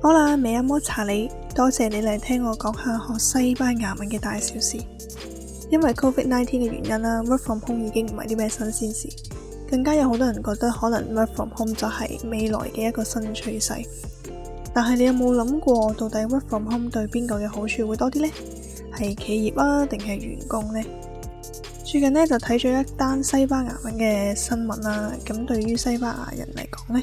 好啦，美阿摩查你，多謝你嚟聽我講下學西班牙文嘅大小事。因為 Covid nineteen 嘅原因啦、啊，Work from home 已經唔係啲咩新鮮事，更加有好多人覺得可能 Work from home 就係未來嘅一個新趨勢。但係你有冇諗過，到底 Work from home 對邊個嘅好處會多啲呢？係企業啊，定係員工呢？最近呢，就睇咗一單西班牙文嘅新聞啦、啊，咁對於西班牙人嚟講呢。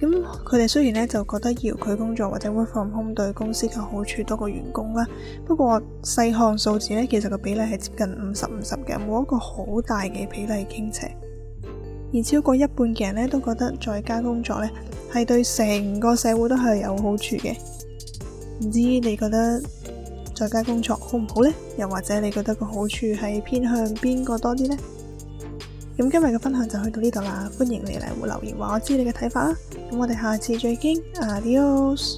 咁佢哋雖然咧就覺得遙距工作或者 work from home 對公司嘅好處多過員工啦，不過細項數字咧，其實個比例係接近五十五十嘅，冇一個好大嘅比例傾斜。而超過一半嘅人咧都覺得在家工作咧係對成個社會都係有好處嘅。唔知你覺得在家工作好唔好呢？又或者你覺得個好處係偏向邊個多啲呢？咁今日嘅分享就去到呢度啦，歡迎你嚟留言話我，我知你嘅睇法啊！咁我哋下次再見，Adios。